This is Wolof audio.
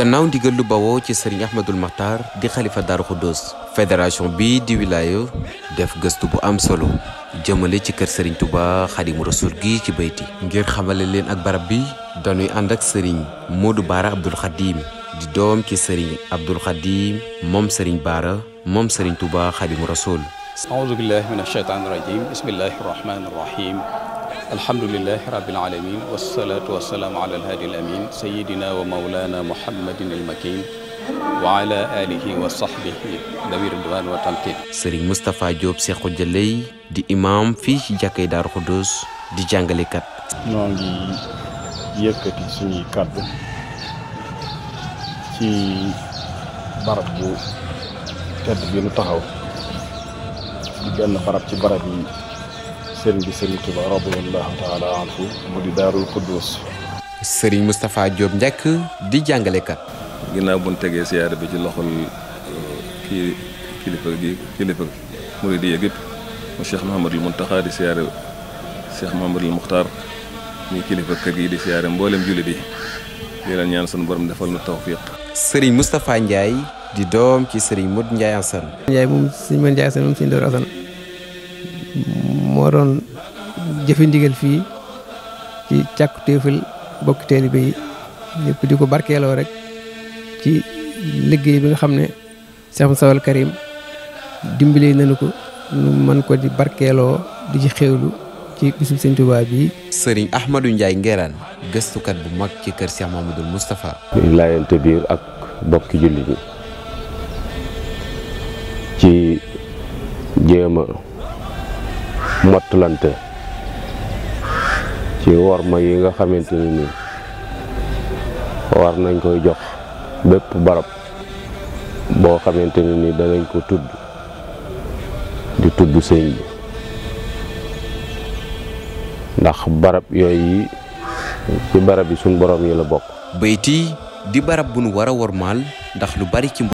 gannaaw ndigal lu bawoo ci sëriñ Ahmadul Maxtaar di xalifa Daaru Xuddoos fédération bi di wilaya def gëstu bu am solo jëmale ci kër sëriñ Touba Xadimu Rasul gi ci bayti ngir xamale leen ak barab bi dañuy ànd ak sëriñ Modou Baara Abdul Xadim di doom ci sëriñ Abdul Xadim moom sëriñ Baara moom sëriñ Touba Xadimu Rasul. aoudu billahi min acheytaan rajim bismillahi alhamdulilahi rabbil alamin wasalaatu wasalaamu ala alhaadi amin sayidina wa maulana muhammadin al makin wa ala wa sahbihi dawi ridwan wa tamkin sëriñ moustapha diop seexu jëley di imam fii ci jàkkay daaru xudus di jàngalekat noo ngi yëkkati suñuy kàddu ci barab bu tedd bi nu taxaw di benn barab ci barab yi sëriñ bi sëriñ Tuubaa radiyallaahu taala anhu mu di sëriñ Moustapha Diop njëkk di jàngalekat. ginnaaw bu tegee siyaare bi ci loxol euh, kii kilifa gi kilifa murid yi yëpp mu Cheikh Mouhamadul Mountakha di siyaare Cheikh Mouhamadul Muxtaar muy kilifa kër gi di siyaare mboolem jullit yi ñaan sunu borom defal na tawfiq. sëriñ Moustapha Ndiaye di doom ci sëriñ Modou Ndiaye Assane. Ndiaye moom sëriñ Modou Ndiaye moo doon jëfe ndigal fii ci càkku téefal bokki taalibe yi ñëpp di ko barkeeloo rek ci liggéey bi nga xam ne Cheikh Moustapha Karim dimbalee nañu ko nu mën ko di barkeeloo di ci xewlu ci bisub Sëñ Tuubaa bi sëriñ Ahmadou Ndiaye Nguérane gëstukat bu mag ci kër Cheikh Mamadou Moustapha di laayante biir ak bokki julli ñi ci jéema mottalante ci worma yi nga xamante ne nii war nañ koy jox bépp barab boo xamante ne nii danañ ko tudd di tudd sëñ bi ndax barab yooyu ci barab yi suñ borom yi la bokk. bayti di barab bu nu war a wormaal ndax lu bari ci.